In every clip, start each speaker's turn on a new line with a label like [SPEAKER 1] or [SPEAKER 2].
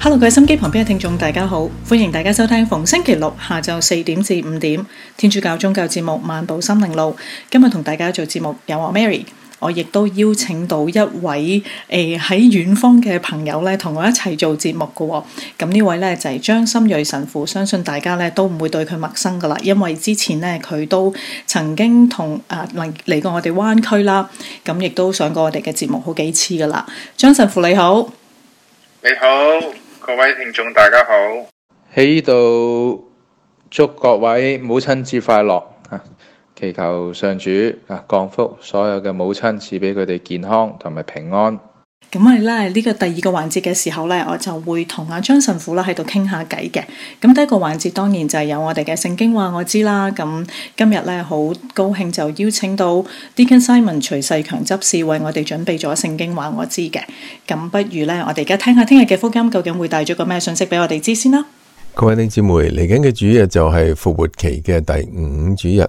[SPEAKER 1] Hello，各位心機旁邊嘅聽眾，大家好，歡迎大家收聽逢星期六下晝四點至五點天主教宗教節目漫步心靈路。今日同大家做節目有我 Mary，我亦都邀請到一位誒喺，呃、遠方嘅朋友咧，同我一齊做節目嘅，哦。咁呢位咧就係、是、張心睿神父，相信大家咧都唔會對佢陌生噶啦，因為之前咧佢都曾經同誒嚟嚟過我哋灣區啦，咁亦都上過我哋嘅節目好幾次噶啦。
[SPEAKER 2] 張神父你好，
[SPEAKER 3] 你好。你好各
[SPEAKER 2] 位聽眾大家好，喺呢度祝各位母親節快樂，祈求
[SPEAKER 3] 上主啊降福所有嘅母親，賜俾佢哋健康同埋平安。
[SPEAKER 1] 咁咪咧呢個第二個環節嘅時候咧，我就會同阿張神父啦喺度傾下偈嘅。咁第一個環節當然就係有我哋嘅聖經話我知啦。咁今日咧好高興就邀請到 Deacon Simon 徐世強執事為我哋準備咗聖經話我知嘅。咁不如咧，我哋而家聽下聽日嘅福音究竟會帶咗個咩信息俾我哋知先啦。
[SPEAKER 2] 各位弟兄姊妹，嚟緊嘅主日就係復活期嘅第五主日，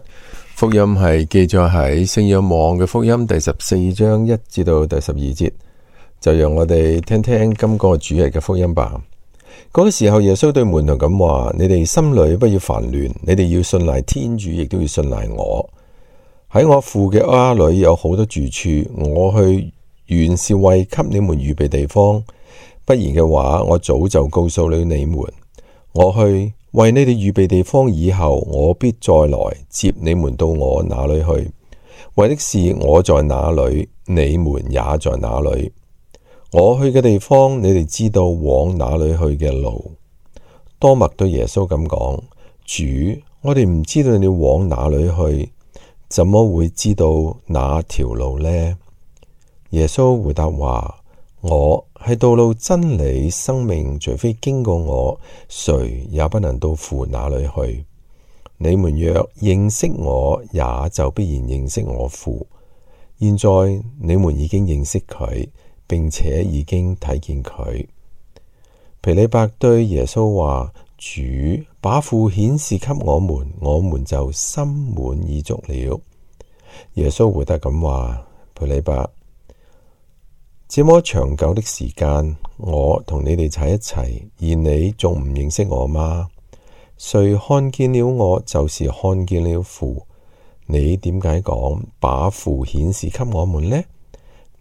[SPEAKER 2] 福音係記載喺聖約翰嘅福音第十四章一至到第十二節。就讓我哋聽聽今個主日嘅福音吧。嗰個時候，耶穌對門徒咁話：你哋心裏不要煩亂，你哋要信賴天主，亦都要信賴我。喺我父嘅屋啊裏有好多住處，我去原是為給你們預備地方。不然嘅話，我早就告訴了你們。我去為你哋預備地方，以後我必再來接你們到我那裏去，為的是我在那裏，你們也在那裏。我去嘅地方，你哋知道往哪裏去嘅路。多默對耶穌咁講：主，我哋唔知道你往哪裏去，怎麼會知道那條路呢？耶穌回答話：我係道路、真理、生命，除非經過我，誰也不能到父那裏去。你們若認識我，也就必然認識我父。現在你們已經認識佢。並且已經睇見佢，皮里伯對耶穌話：主把父顯示給我們，我們就心滿意足了。耶穌回答咁話：皮里伯，這麼長久的時間，我同你哋喺一齊，而你仲唔認識我嗎？誰看見了我，就是看見了父。」你點解講把父顯示給我們呢？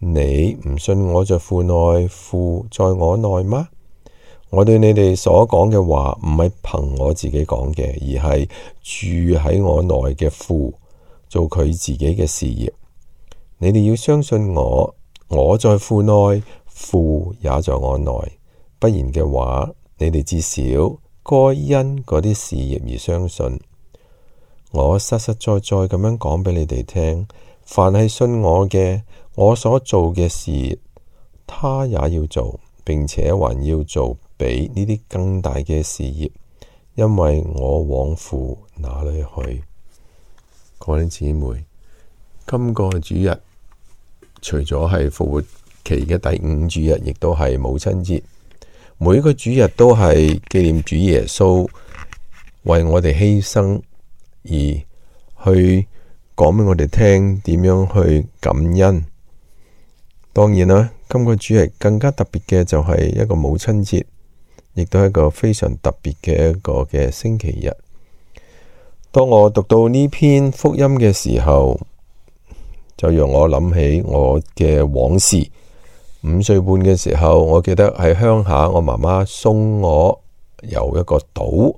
[SPEAKER 2] 你唔信我在父內，父在我內嗎？我對你哋所講嘅話唔係憑我自己講嘅，而係住喺我內嘅父做佢自己嘅事業。你哋要相信我，我在父內，父也在我內。不然嘅話，你哋至少該因嗰啲事業而相信。我實實在在咁樣講俾你哋聽，凡係信我嘅。我所做嘅事他也要做，並且還要做比呢啲更大嘅事業。因為我往父那裏去。各位姊妹，今個主日除咗係復活期嘅第五主日，亦都係母親節。每個主日都係紀念主耶穌為我哋犧牲，而去講俾我哋聽點樣去感恩。當然啦，今個主日更加特別嘅就係一個母親節，亦都係一個非常特別嘅一個嘅星期日。當我讀到呢篇福音嘅時候，就讓我諗起我嘅往事。五歲半嘅時候，我記得喺鄉下，我媽媽送我由一個島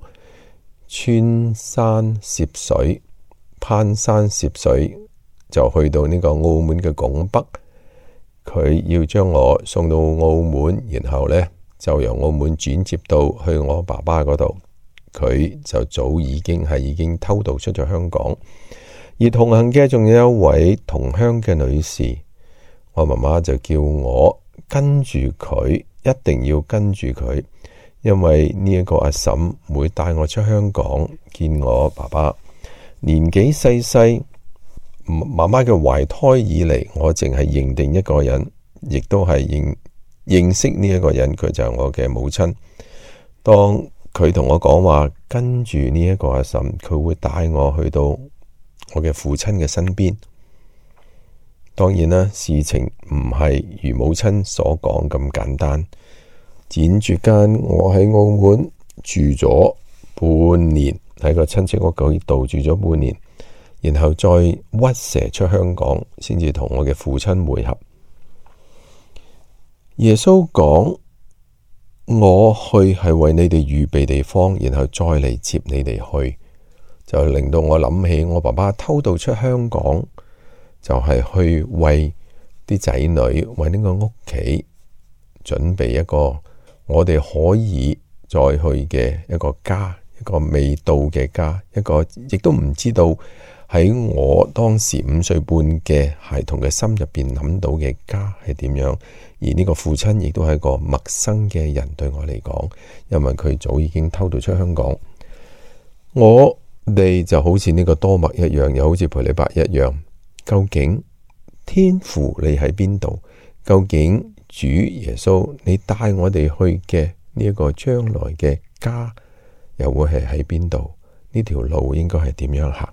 [SPEAKER 2] 穿山涉水，攀山涉水，就去到呢個澳門嘅拱北。佢要將我送到澳門，然後呢，就由澳門轉接到去我爸爸嗰度。佢就早已經係已經偷渡出咗香港，而同行嘅仲有一位同鄉嘅女士。我媽媽就叫我跟住佢，一定要跟住佢，因為呢一個阿嬸會帶我出香港見我爸爸，年紀細細，媽媽嘅懷胎以嚟，我淨係認定一個人，亦都係認認識呢一個人，佢就係我嘅母親。當佢同我講話，跟住呢一個阿嬸，佢會帶我去到我嘅父親嘅身邊。當然啦，事情唔係如母親所講咁簡單。輾轉間，我喺澳門住咗半年，喺個親戚屋企度住咗半年。然後再屈蛇出香港，先至同我嘅父親匯合。耶穌講：「我去係為你哋預備地方，然後再嚟接你哋去」，就令到我諗起我爸爸偷渡出香港，就係去為啲仔女為呢個屋企準備一個我哋可以再去嘅一個家，一個未到嘅家，一個亦都唔知道。喺我當時五歲半嘅孩童嘅心入邊諗到嘅家係點樣？而呢個父親亦都係一個陌生嘅人對我嚟講，因為佢早已經偷渡出香港。我哋就好似呢個多默一樣，又好似斐理伯一樣。究竟天父你喺邊度？究竟主耶穌你帶我哋去嘅呢一個將來嘅家又會係喺邊度？呢條路應該係點樣行？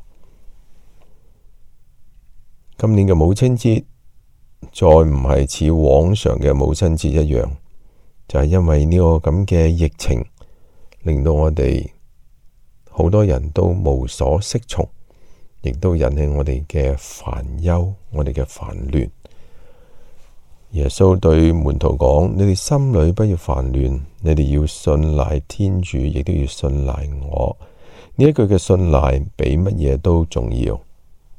[SPEAKER 2] 今年嘅母親節，再唔係似往常嘅母親節一樣，就係因為呢個咁嘅疫情，令到我哋好多人都無所適從，亦都引起我哋嘅煩憂，我哋嘅煩亂。耶穌對門徒講：你哋心裏不要煩亂，你哋要信賴天主，亦都要信賴我。呢一句嘅信賴比乜嘢都重要。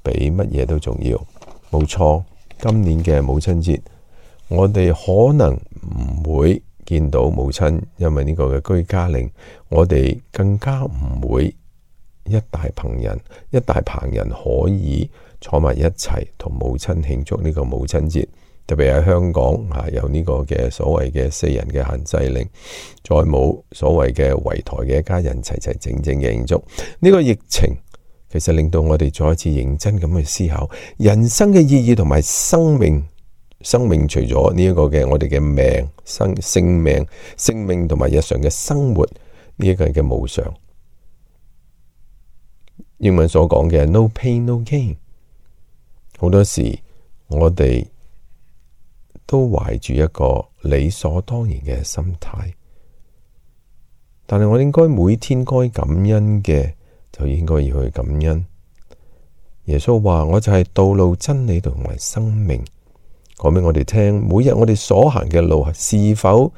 [SPEAKER 2] 比乜嘢都重要，冇錯。今年嘅母親節，我哋可能唔會見到母親，因為呢個嘅居家令，我哋更加唔會一大棚人一大棚人可以坐埋一齊同母親慶祝呢個母親節。特別喺香港吓，啊，有呢個嘅所謂嘅四人嘅限制令，再冇所謂嘅圍台嘅一家人齊齊整整嘅慶祝呢個疫情。其實令到我哋再一次認真咁去思考人生嘅意義同埋生命，生命除咗呢一個嘅我哋嘅命生性命、性命同埋日常嘅生活呢一個嘅無常。英文所講嘅 no pain no gain，好多時我哋都懷住一個理所當然嘅心態，但係我應該每天該感恩嘅。佢應該要去感恩。耶穌話：我就係道路、真理同埋生命，講俾我哋聽。每日我哋所行嘅路，是否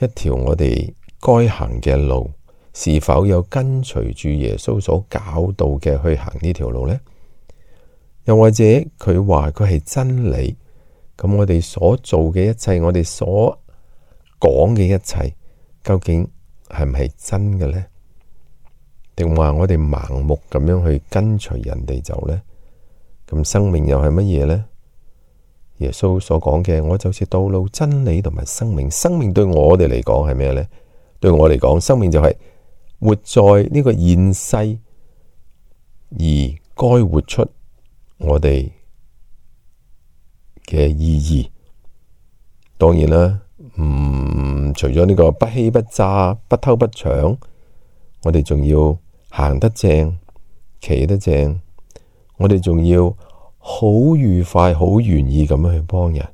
[SPEAKER 2] 一條我哋該行嘅路？是否有跟隨住耶穌所搞到嘅去行呢條路呢？又或者佢話佢係真理，咁我哋所做嘅一切，我哋所講嘅一切，究竟係唔係真嘅呢？定話我哋盲目咁樣去跟隨人哋走咧，咁生命又係乜嘢咧？耶穌所講嘅，我就係道路、真理同埋生命。生命對我哋嚟講係咩咧？對我嚟講，生命就係活在呢個現世而該活出我哋嘅意義。當然啦，唔、嗯、除咗呢個不欺不詐、不偷不搶，我哋仲要。行得正，企得正，我哋仲要好愉快、好願意咁樣去幫人，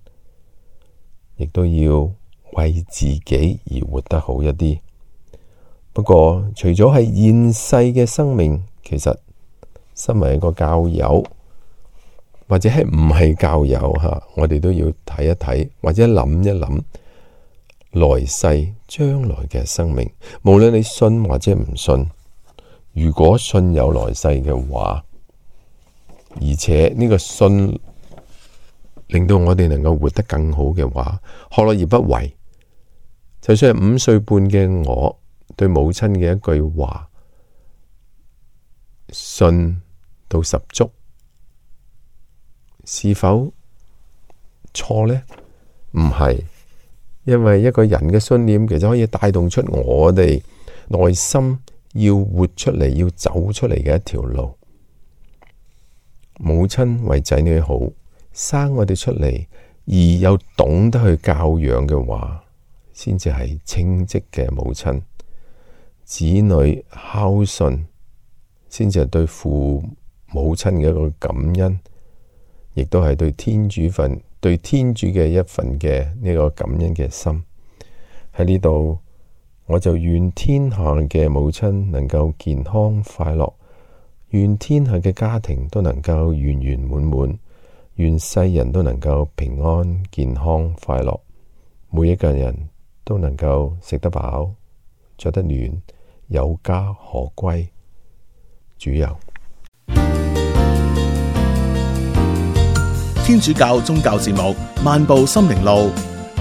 [SPEAKER 2] 亦都要為自己而活得好一啲。不過除咗係現世嘅生命，其實身為一個教友或者係唔係教友吓，我哋都要睇一睇或者諗一諗來世將來嘅生命。無論你信或者唔信。如果信有來世嘅話，而且呢個信令到我哋能夠活得更好嘅話，何樂而不為？就算係五歲半嘅我，對母親嘅一句話，信到十足，是否錯呢？唔係，因為一個人嘅信念，其實可以帶動出我哋內心。要活出嚟，要走出嚟嘅一條路。母親為仔女好，生我哋出嚟，而又懂得去教養嘅話，先至係稱職嘅母親。子女孝順，先至係對父母親嘅一個感恩，亦都係對天主份，對天主嘅一份嘅呢個感恩嘅心。喺呢度。我就願天下嘅母親能夠健康快樂，願天下嘅家庭都能夠圓圓滿滿，願世人都能夠平安健康快樂，每一個人都能夠食得飽、着得暖、
[SPEAKER 4] 有家可歸。主佑。天主教宗教節目《漫步心靈路》。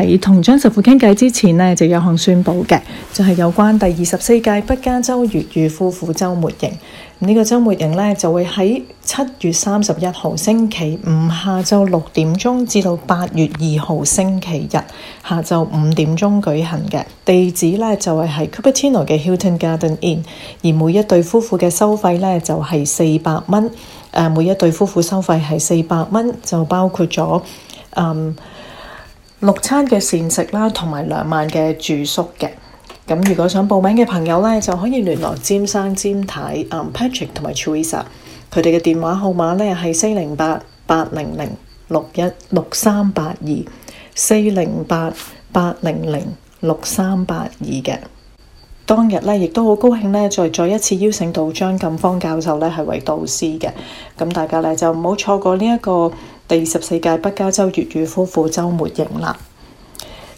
[SPEAKER 1] 喺同張十富傾偈之前呢，就有項宣佈嘅，就係、是、有關第二十四屆北加州粵語夫婦周末營。呢、這個周末營呢，就會喺七月三十一號星期五下晝六點鐘至到八月二號星期日下晝五點鐘舉行嘅。地址呢，就係係 Cupertino 嘅 Hilton Garden Inn，而每一對夫婦嘅收費呢，就係四百蚊。誒、呃，每一對夫婦收費係四百蚊，就包括咗嗯。六餐嘅膳食啦，同埋兩晚嘅住宿嘅。咁如果想報名嘅朋友呢，就可以聯絡詹生、詹太太、阿 Patrick 同埋 Trisha 佢哋嘅電話號碼呢係四零八八零零六一六三八二，四零八八零零六三八二嘅。當日呢，亦都好高興呢，再再一次邀請到張近芳教授呢，係為導師嘅。咁大家呢，就唔好錯過呢、這、一個。第十四屆北加州粵語夫婦週末迎納，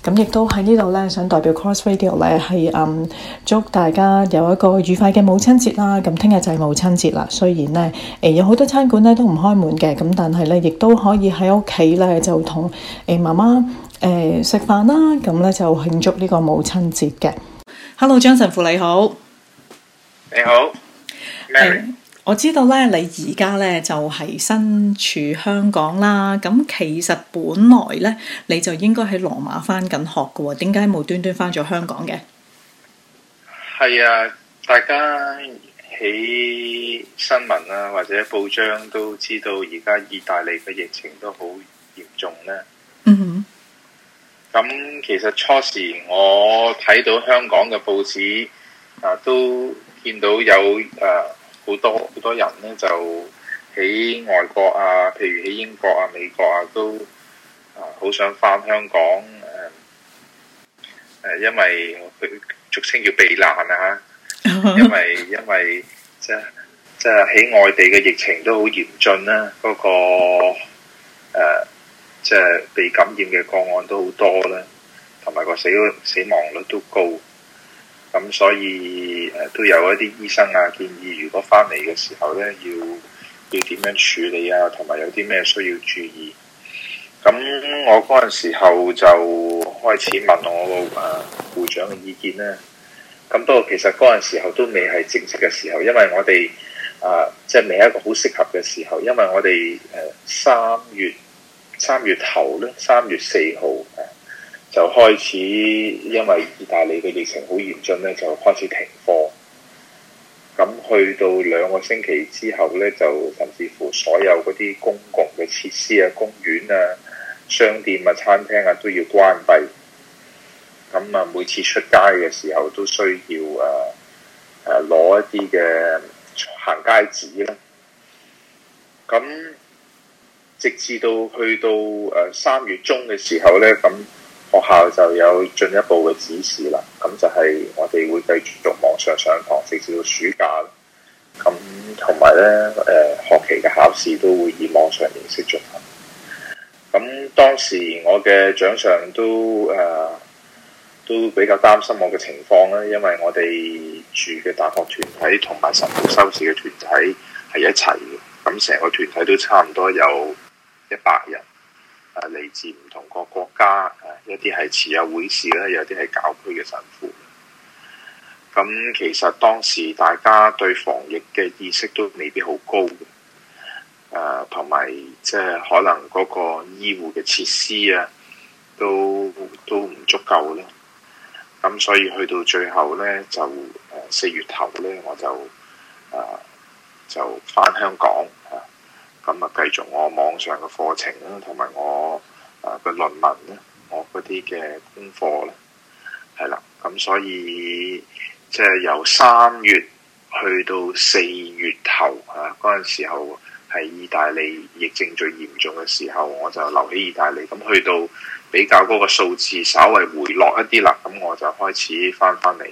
[SPEAKER 1] 咁亦都喺呢度呢，想代表 Cross Radio 咧，係、嗯、祝大家有一個愉快嘅母親節啦。咁聽日就係母親節啦。雖然呢，誒、呃、有好多餐館呢都唔開門嘅，咁但係呢，亦都可以喺屋企呢，就同誒媽媽誒食、呃、飯啦。咁呢，就慶祝呢個母親節嘅。Hello，張神父你好，你好，你好、呃我知道咧，你而家咧就係身處香港啦。咁其實本來咧，你就應該喺羅馬翻緊學㗎，點解無端端翻咗香港嘅？
[SPEAKER 3] 係啊，大家喺新聞啊或者報章都知道，而家意大利嘅疫情都好嚴重咧、啊。嗯哼。咁其實初時我睇到香港嘅報紙啊，都見到有誒。啊好多好多人呢，就喺外國啊，譬如喺英國啊、美國啊，都好想翻香港誒、嗯嗯、因為佢俗稱叫避難啊，因為因為即係即係喺外地嘅疫情都好嚴峻啦、啊，嗰、嗰個誒即係被感染嘅個案都好多啦、啊，同埋個死死亡率都高。咁所以誒都有一啲醫生啊建議，如果翻嚟嘅時候咧，要要點樣處理啊，同埋有啲咩需要注意。咁我嗰陣時候就開始問我個誒護長嘅意見啦。咁不過其實嗰陣時候都未係正式嘅時候，因為我哋啊即係未係一個好適合嘅時候，因為我哋誒三月三月頭咧，三月四號。就開始，因為意大利嘅疫情好嚴峻咧，就開始停課。咁去到兩個星期之後呢，就甚至乎所有嗰啲公共嘅設施啊、公園啊、商店啊、餐廳啊都要關閉。咁啊，每次出街嘅時候都需要誒攞、啊啊、一啲嘅行街紙啦。咁直至到去到誒三月中嘅時候呢。咁。學校就有進一步嘅指示啦，咁就係我哋會繼續網上，上上堂，直至到暑假。咁同埋呢誒、呃、學期嘅考試都會以網上形式進行。咁當時我嘅長上都誒、呃、都比較擔心我嘅情況啦，因為我哋住嘅大學團體同埋神父修士嘅團體係一齊嘅，咁成個團體都差唔多有一百人。啊，嚟自唔同個國家，啊，一啲係持有會士啦，有啲係教區嘅神父。咁其實當時大家對防疫嘅意識都未必好高，誒、啊，同埋即係可能嗰個醫護嘅設施啊，都都唔足夠啦。咁所以去到最後呢，就誒四月頭呢，我就啊就返香港啊。咁啊，繼續我網上嘅課程啦，同埋我啊個論文咧，我嗰啲嘅功課咧，係啦，咁所以即係由三月去到四月頭啊，嗰陣時候係意大利疫症最嚴重嘅時候，我就留喺意大利。咁去到比較嗰個數字稍微回落一啲啦，咁我就開始翻返嚟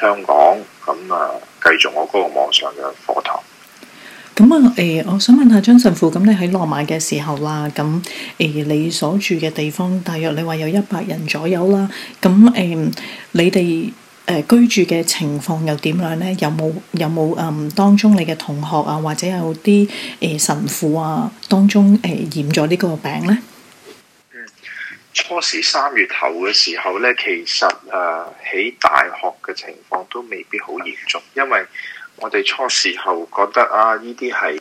[SPEAKER 3] 香港，咁啊繼續我嗰個網上
[SPEAKER 1] 嘅課堂。咁啊，誒、呃，我想問下張神父，咁你喺羅馬嘅時候啦，咁誒、呃，你所住嘅地方大約你話有一百人左右啦，咁誒、呃，你哋誒、呃、居住嘅情況又點樣呢？有冇有冇誒、呃、當中你嘅同學啊，或者有啲誒、呃、神父啊，當中誒、呃、染咗呢個病呢？
[SPEAKER 3] 初時三月頭嘅時候呢，其實誒、啊、喺大學嘅情況都未必好嚴重，因為，我哋初時候覺得啊，依啲係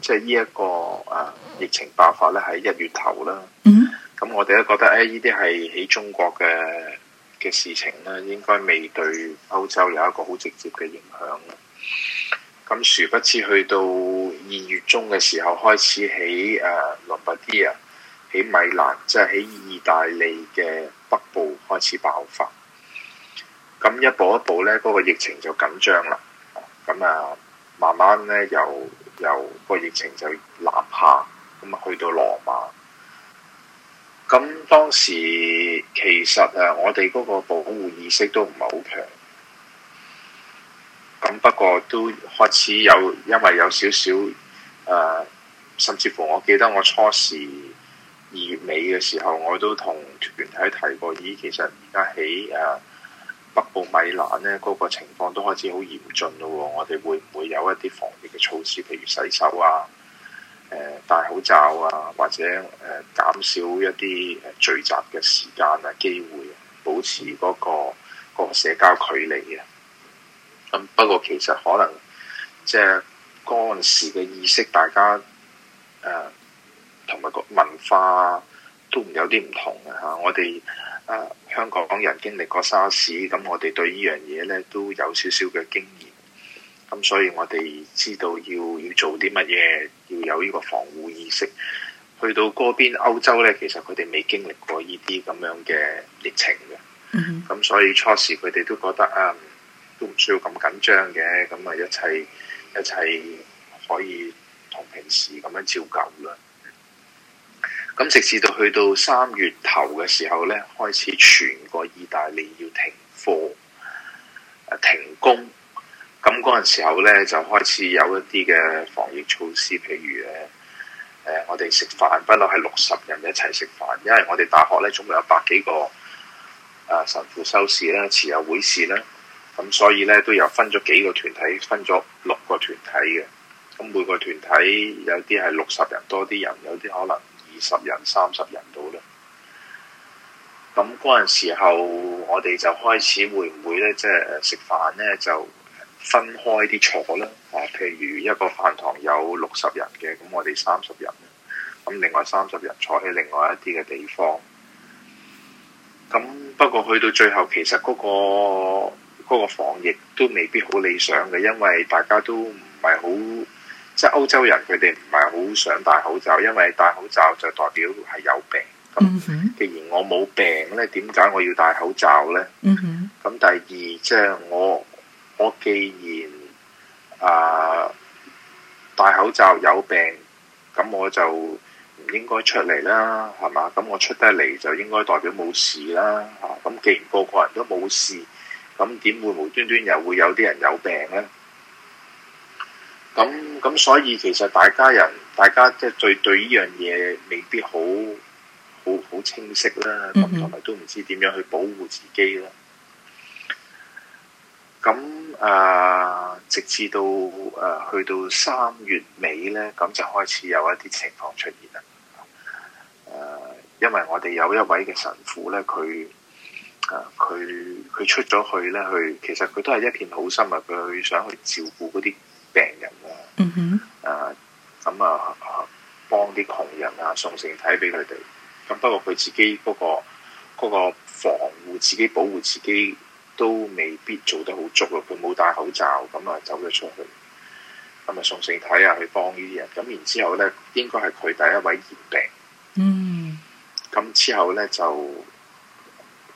[SPEAKER 3] 即係呢一個啊疫情爆發咧，喺一月頭啦。咁、嗯、我哋都覺得，誒依啲係喺中國嘅嘅事情咧，應該未對歐洲有一個好直接嘅影響。咁殊不知，去到二月中嘅時候開始起誒倫巴第啊，起米蘭，即係喺意大利嘅北部開始爆發。咁一步一步咧，嗰、那個疫情就緊張啦。咁啊，慢慢咧由又，又嗰個疫情就南下，咁啊去到羅馬。咁當時其實啊，我哋嗰個保護意識都唔係好強。咁不過都開始有，因為有少少誒，甚至乎我記得我初時二月尾嘅時候，我都同團體提過，咦，其實而家起。誒、呃。北部米蘭呢嗰、嗰個情況都開始好嚴峻咯。我哋會唔會有一啲防疫嘅措施，譬如洗手啊、呃、戴口罩啊，或者誒、呃、減少一啲聚集嘅時間啊、機會、啊，保持嗰、嗰個嗰個社交距離啊？咁不過其實可能即係嗰陣時嘅意識，大家同埋、呃、個文化、啊、都有啲唔同啊。嚇，我哋。啊！香港人經歷過沙士，咁我哋對呢樣嘢呢都有少少嘅經驗，咁所以我哋知道要要做啲乜嘢，要有呢個防護意識。去到嗰邊歐洲呢，其實佢哋未經歷過呢啲咁樣嘅疫情嘅，咁、mm hmm. 所以初時佢哋都覺得啊、嗯，都唔需要咁緊張嘅，咁啊一切一切可以同平時咁樣照舊啦。咁直至到去到三月頭嘅時候呢，開始全個意大利要停課、停工。咁嗰陣時候呢，就開始有一啲嘅防疫措施，譬如誒、呃，我哋食飯不嬲係六十人一齊食飯，因為我哋大學呢總共有百幾個神父、修士啦、持有會士啦，咁所以呢，都有分咗幾個團體，分咗六個團體嘅。咁每個團體有啲係六十人多啲人，人有啲可能。十人、三十人到咧，咁嗰陣時候我哋就開始會唔會呢？即係食飯呢，就分開啲坐啦。啊，譬如一個飯堂有六十人嘅，咁我哋三十人，咁另外三十人坐喺另外一啲嘅地方。咁不過去到最後，其實嗰個嗰個防疫都未必好理想嘅，因為大家都唔係好。即係歐洲人，佢哋唔係好想戴口罩，因為戴口罩就代表係有病。咁既然我冇病咧，點解我要戴口罩咧？咁、嗯、哼第二，即係我我既然啊戴口罩有病，咁我就唔應該出嚟啦，係嘛？咁我出得嚟就應該代表冇事啦。嚇，咁既然個個人都冇事，咁點會無端端又會有啲人有病呢？咁咁，所以其實大家人，大家即係對對呢樣嘢未必好，好好清晰啦，同埋、mm hmm. 都唔知點樣去保護自己咯。咁啊、呃，直至到啊、呃，去到三月尾咧，咁就開始有一啲情況出現啦。誒、呃，因為我哋有一位嘅神父咧，佢啊，佢、呃、佢出咗去咧，去其實佢都係一片好心啊，佢想去照顧嗰啲病人。嗯哼，誒、mm，咁、hmm. 啊，幫啲窮人啊送聖體俾佢哋，咁、啊、不過佢自己嗰、那個、那個防護自己保護自己都未必做得好足啊。佢冇戴口罩，咁啊，啊走咗出去，咁啊送聖體啊去幫呢啲人，咁、啊、然之後咧應該係佢第一位染病，嗯、
[SPEAKER 5] mm，
[SPEAKER 3] 咁、hmm. 啊、之後咧就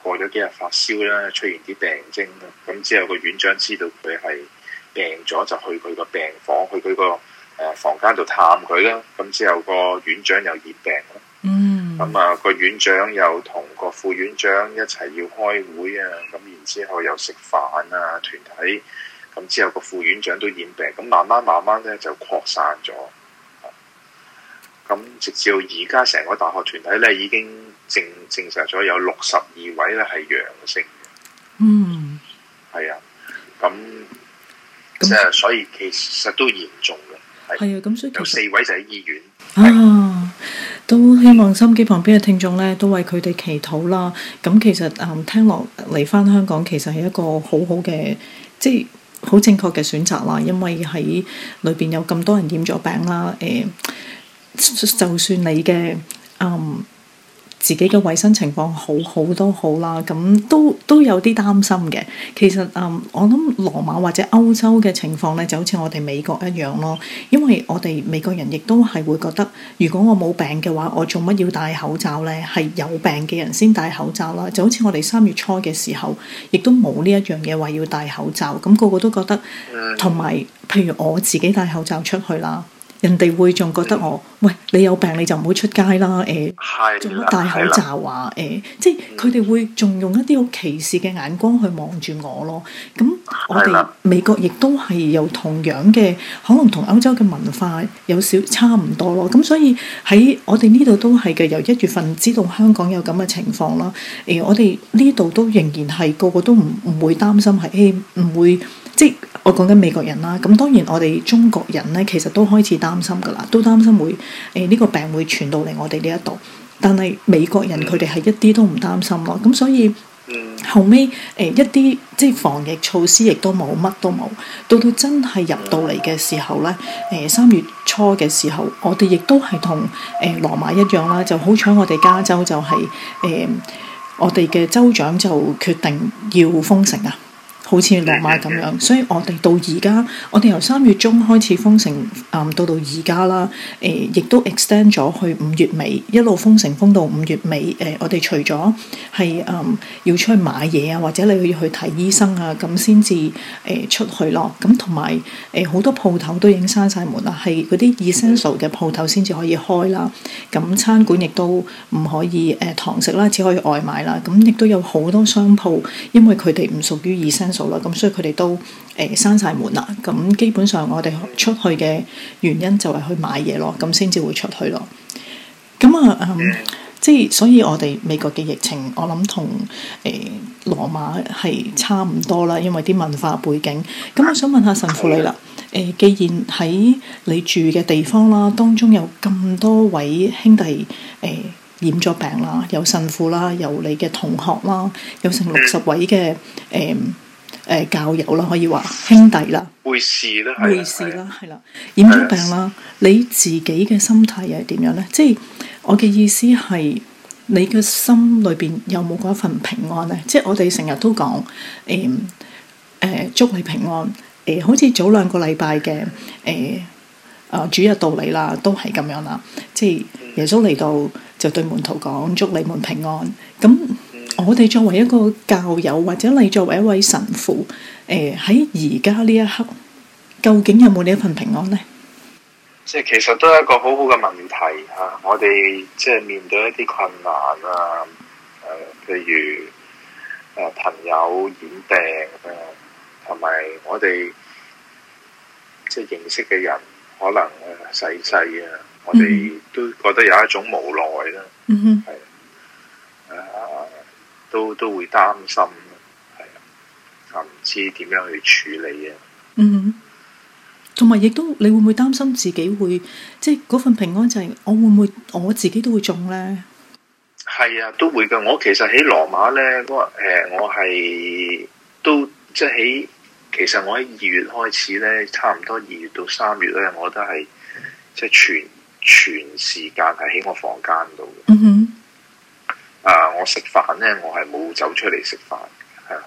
[SPEAKER 3] 過咗幾日發燒啦，出現啲病徵啦，咁、啊、之後個院長知道佢係。病咗，就去佢個病房，去佢個誒房間度探佢啦。咁之後個院長又染病啦，咁啊個院長又同個副院長一齊要開會啊。咁然之後又食飯啊，團體。咁之後個副院長都染病，咁慢慢慢慢咧就擴散咗。咁直至到而家成個大學團體咧已經證證實咗有六十二位咧係陽性嘅。嗯。係啊，咁。嗯、所以其實都嚴重嘅。係啊，咁所以其實有四位就喺醫院。
[SPEAKER 1] 啊，係。都希望心機旁邊嘅聽眾咧，都為佢哋祈禱啦。咁其實，嗯，聽落嚟，返香港其實係一個好好嘅，即係好正確嘅選擇啦。因為喺裏邊有咁多人染咗病啦。誒、欸，就算你嘅，嗯。自己嘅衞生情況好好都好啦，咁都都有啲擔心嘅。其實誒，我諗羅馬或者歐洲嘅情況咧，就好似我哋美國一樣咯。因為我哋美國人亦都係會覺得，如果我冇病嘅話，我做乜要戴口罩呢？係有病嘅人先戴口罩啦。就好似我哋三月初嘅時候，亦都冇呢一樣嘢話要戴口罩，咁個個都覺得。同埋，譬如我自己戴口罩出去啦。人哋會仲覺得我，喂，你有病你就唔好出街啦，誒、欸，
[SPEAKER 5] 仲要係戴口罩啊、啊，
[SPEAKER 1] 誒係、欸，即係佢哋會仲用一啲好歧視嘅眼光去望住我咯。咁我哋美國亦都係有同樣嘅，可能同歐洲嘅文化有少差唔多咯。咁所以喺我哋呢度都係嘅，由一月份知道香港有咁嘅情況啦。誒、欸，我哋呢度都仍然係個個都唔唔會擔心係，誒，唔會。即我講緊美國人啦，咁當然我哋中國人呢，其實都開始擔心㗎啦，都擔心會誒呢個病會傳到嚟我哋呢一度。但係美國人佢哋係一啲都唔擔心咯，咁所以後尾誒一啲即係防疫措施亦都冇乜都冇，到到真係入到嚟嘅時候呢，誒三月初嘅時候，我哋亦都係同誒羅馬一樣啦，就好彩我哋加州就係誒我哋嘅州長就決定要封城啊！好似落馬咁樣，所以我哋到而家，我哋由三月中開始封城，誒、嗯、到到而家啦，誒、呃、亦都 extend 咗去五月尾，一路封城封到五月尾。誒、呃、我哋除咗係誒要出去買嘢啊，或者你要去去睇醫生啊，咁先至誒出去咯。咁同埋誒好多鋪頭都已經閂晒門啦，係嗰啲 essential 嘅鋪頭先至可以開啦。咁、嗯、餐館亦都唔可以誒堂、呃、食啦，只可以外賣啦。咁、嗯、亦都有好多商鋪，因為佢哋唔屬於 essential。咁所以佢哋都誒閂晒門啦，咁基本上我哋出去嘅原因就係去買嘢咯，咁先至會出去咯。咁啊，嗯、即係所以我哋美國嘅疫情，我諗同誒羅馬係差唔多啦，因為啲文化背景。咁我想問下神父你啦，誒、呃，既然喺你住嘅地方啦，當中有咁多位兄弟誒、呃、染咗病啦，有神父啦，有你嘅同學啦，有成六十位嘅誒。呃誒教友啦，可以話兄弟啦，
[SPEAKER 3] 會事啦，會事啦，
[SPEAKER 1] 係啦的，的染咗病啦，的你自己嘅心態又係點樣呢？即、就、係、是、我嘅意思係你嘅心裏邊有冇嗰一份平安呢？即、就、係、是、我哋成日都講誒、嗯嗯、祝你平安誒、嗯，好似早兩個禮拜嘅誒主日道理啦，都係咁樣啦。即、就、係、是、耶穌嚟到就對門徒講：祝你們平安。咁、嗯我哋作為一個教友，或者你作為一位神父，誒喺而家呢一刻，究竟有冇呢一份平安呢？
[SPEAKER 3] 即係其實都係一個好好嘅問題嚇、啊，我哋即係面對一啲困難啊，譬如、啊、朋友染病同埋、啊、我哋即係認識嘅人可能逝世啊，我哋都覺得有一種無奈啦。嗯哼都都會擔心，係啊，唔知點樣去處理啊、嗯。嗯，
[SPEAKER 1] 同埋亦都，你會唔會擔心自己會，即係嗰份平安就係，我會唔會我自己都會中呢？
[SPEAKER 3] 係啊，都會噶。我其實喺羅馬呢，我誒、呃，我係都即係喺，其實我喺二月開始呢，差唔多二月到三月呢，我都係即係全全時間係喺我房間度、嗯。嗯哼。啊！我食飯呢，我係冇走出嚟食飯嘅，吓，誒、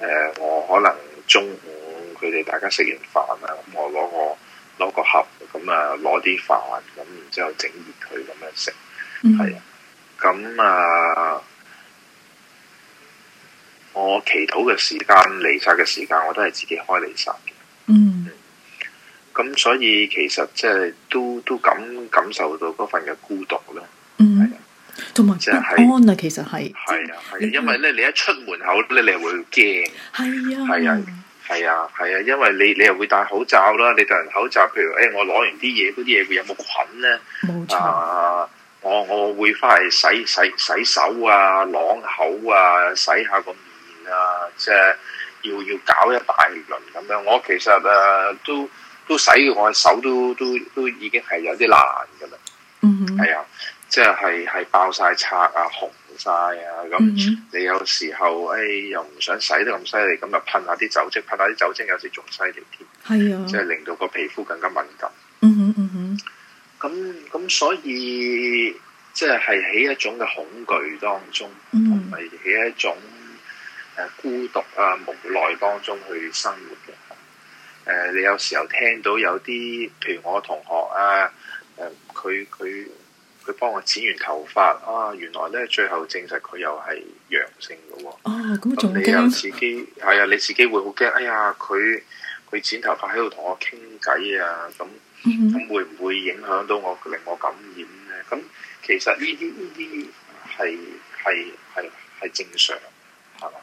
[SPEAKER 3] 呃，我可能中午佢哋大家食完飯啊，我攞個攞個盒，咁啊攞啲飯，咁然之後整熱佢咁樣食，係，咁、嗯、啊，我祈禱嘅時間、彌撒嘅時間，我都係自己開彌撒嘅，嗯，咁、嗯、所以其實即、就、係、是、都都感感受到嗰份嘅孤獨咧，嗯。嗯。
[SPEAKER 1] 同埋不安啊，其實係
[SPEAKER 3] 係啊，啊，因為咧，你一出門口咧，你又會驚。係啊，係啊，係啊，係啊，因為你你又會戴口罩啦，你戴完口罩，譬如誒、哎，我攞完啲嘢嗰啲嘢會有冇菌咧？冇錯錯、啊。我我會翻嚟洗洗洗，洗手啊，啷口啊，洗下個面啊，即係要要搞一大輪咁樣。我其實誒、啊、都都洗我手都都都已經係有啲爛㗎啦。嗯哼，
[SPEAKER 5] 係啊。
[SPEAKER 3] 即係係爆晒拆啊，紅晒啊咁，你有時候誒、哎、又唔想洗得咁犀利，咁就噴下啲酒精，噴下啲酒精有時仲犀利添，係啊，即係令到個皮膚更加敏感。嗯咁咁、嗯、所以即係喺一種嘅恐懼當中，同埋喺一種孤獨啊、無奈當中去生活嘅、呃。你有時候聽到有啲，譬如我同學啊，佢、呃、佢。佢幫我剪完頭髮，啊，原來咧最後證實佢又係陽性嘅喎、哦。啊、
[SPEAKER 5] 哦，咁仲驚？你有自
[SPEAKER 3] 己係啊、哎，你自己會好驚。哎呀，佢佢剪頭髮喺度同我傾偈啊，咁
[SPEAKER 5] 咁、嗯、哼
[SPEAKER 3] 會唔會影響到我令我感染咧？咁其實呢啲呢啲係係係係正常，係嘛？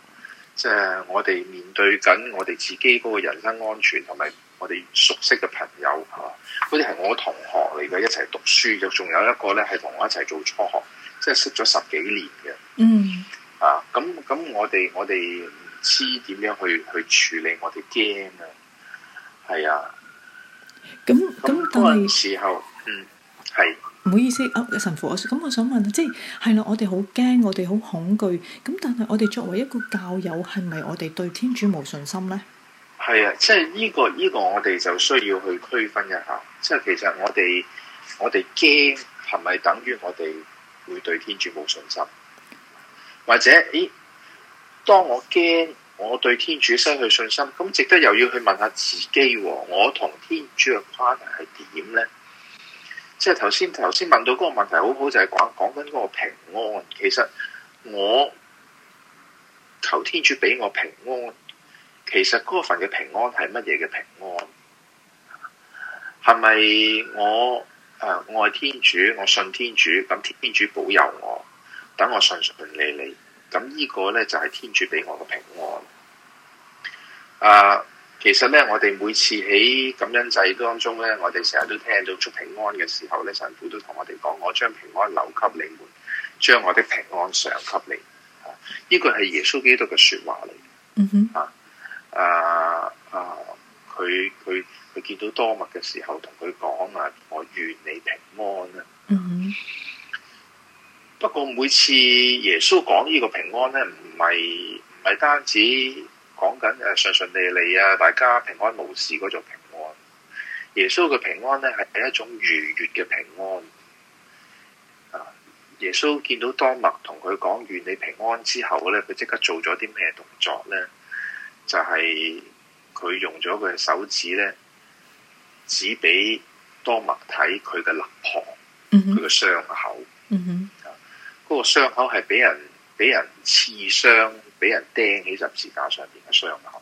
[SPEAKER 3] 即、就、係、是、我哋面對緊我哋自己嗰個人身安全同埋。我哋熟悉嘅朋友啊，嗰啲係我同學嚟嘅，一齊讀書，又仲有一個咧係同我一齊做初學，即係識咗十幾年嘅。嗯。啊，咁咁，我哋我哋唔知點樣去去處理，我哋驚啊，係啊、嗯。咁
[SPEAKER 1] 咁、嗯，但係時候，是嗯，係。唔好意思，阿神父，我咁我想問，即係係咯，我哋好驚，我哋好恐懼，咁但係我哋作為一個教友，係咪我哋對天主冇信心咧？
[SPEAKER 3] 係啊，即係呢個呢個，這個，我哋就需要去區分一下。即係其實我哋我哋驚係咪等於我哋會對天主冇信心？或者，咦？當我驚，我對天主失去信心，咁值得又要去問下自己喎，我同天主嘅關係係點呢？即係頭先頭先問到嗰個問題好，好好就係講講緊嗰個平安。其實我求天主俾我平安。其實嗰份嘅平安係乜嘢嘅平安？係咪我誒，我愛、呃、天主，我信天主，咁天主保佑我，等我順順利利。咁呢個呢，就係、是、天主俾我嘅平安。誒、呃，其實呢，我哋每次喺感恩祭當中呢，我哋成日都聽到祝平安嘅時候咧，神父都同我哋講：我將平安留給你們，將我的平安賞給你。呢、啊這個係耶穌基督嘅說話嚟。嗯、mm hmm. 啊。啊啊！佢佢佢見到多默嘅時候，同佢講啊，我願你平安啦、啊。Mm hmm. 不過每次耶穌講呢個平安咧，唔係唔係單止講緊誒順順利利啊，大家平安無事嗰種平安。耶穌嘅平安咧係一種愉悅嘅平安。啊，耶穌見到多默同佢講願你平安之後咧，佢即刻做咗啲咩動作咧？就係佢用咗佢手指咧，指俾多馬睇佢嘅肋旁，佢嘅傷口，嗰、嗯、哼個傷口係俾人俾人刺傷，俾人釘喺十字架上邊嘅傷口。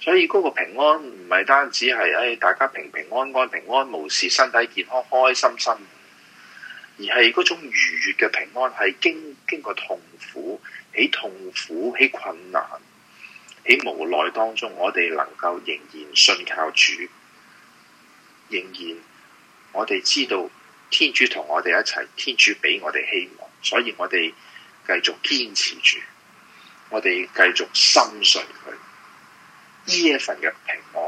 [SPEAKER 3] 所以嗰個平安唔係單止係，誒、哎，大家平平安安、平安無事、身體健康、開心心，而係嗰種愉悅嘅平安，係經經過痛苦、起痛苦、起困難。喺無奈當中，我哋能夠仍然信靠主，仍然我哋知道天主同我哋一齊，天主俾我哋希望，所以我哋繼續堅持住，我哋繼續深信佢，呢一份嘅平安。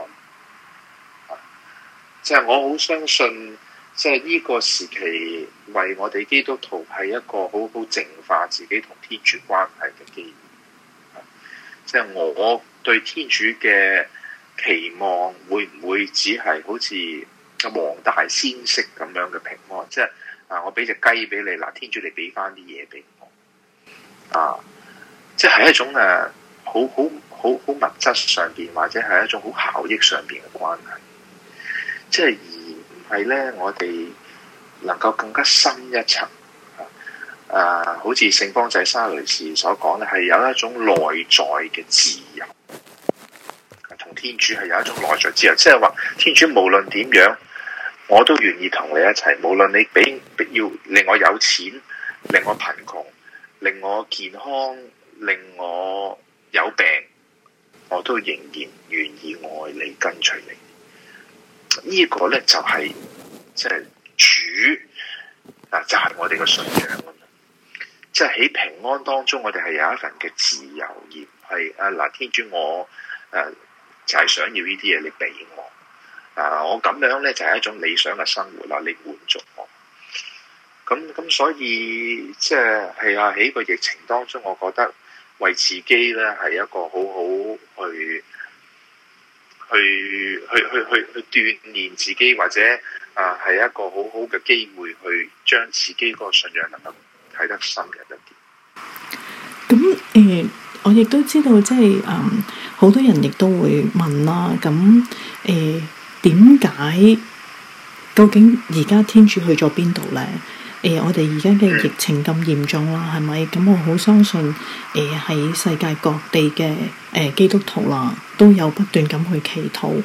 [SPEAKER 3] 啊，即係我好相信，即係呢個時期為我哋基督徒係一個好好淨化自己同天主關係嘅機。即係我對天主嘅期望，會唔會只係好似黃大仙式咁樣嘅平安？即係啊，我俾隻雞俾你，嗱，天主你俾翻啲嘢俾我啊！即係一種誒，好好好好物質上邊，或者係一種好效益上邊嘅關係。即係而唔係咧，我哋能夠更加深一層。誒、啊，好似聖方濟沙雷士所講咧，係有一種內在嘅自由，同天主係有一種內在自由，即係話天主無論點樣，我都願意同你一齊。無論你俾要令我有錢，令我貧窮，令我健康，令我有病，我都仍然願意愛你跟隨你。呢、這個呢，就係即係主啊，就係、是就是就是、我哋嘅信仰。即係喺平安當中，我哋係有一份嘅自由，而唔係啊！嗱，天主我誒、啊、就係、是、想要呢啲嘢，你俾我啊！我咁樣咧就係、是、一種理想嘅生活啦、啊，你滿足我。咁咁所以即係啊喺個疫情當中，我覺得為自己咧係一個好好去去去去去去鍛鍊自己，或者啊係一個好好嘅機會，去將自己嗰個信仰能力。
[SPEAKER 1] 睇得深嘅。咁誒、呃，我亦都知道，即係誒，好、呃、多人亦都會問啦。咁、啊、誒，點、呃、解究竟而家天主去咗邊度咧？誒、呃，我哋而家嘅疫情咁嚴重啦，係咪？咁我好相信誒，喺、呃、世界各地嘅誒、呃、基督徒啦，都有不斷咁去祈禱。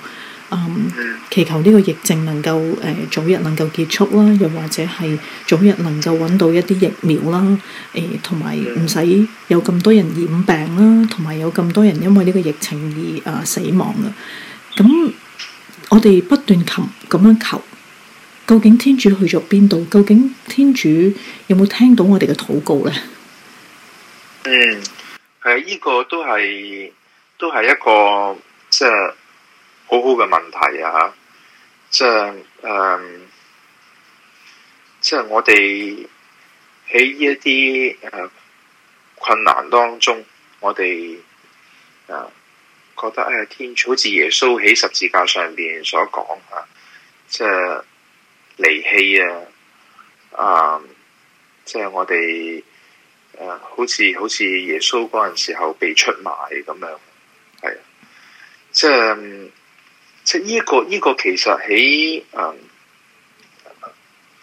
[SPEAKER 1] Um, 祈求呢個疫症能夠、呃、早日能夠結束啦，又或者係早日能夠揾到一啲疫苗啦，誒，同埋唔使有咁多人染病啦，同埋有咁多人因為呢個疫情而啊、呃、死亡嘅。咁我哋不斷求咁樣求，究竟天主去咗邊度？究竟天主有冇聽到我哋嘅禱告呢？
[SPEAKER 3] 嗯，呢個都係都係一個即係。即係好好嘅問題啊，即係誒，即係我哋喺呢一啲誒困難當中，我哋啊覺得哎呀天主好似耶穌喺十字架上邊所講啊，即係離棄啊，啊，即係我哋誒，好似好似耶穌嗰陣時候被出賣咁樣，係啊，即係。即係依個依、這個其實喺啊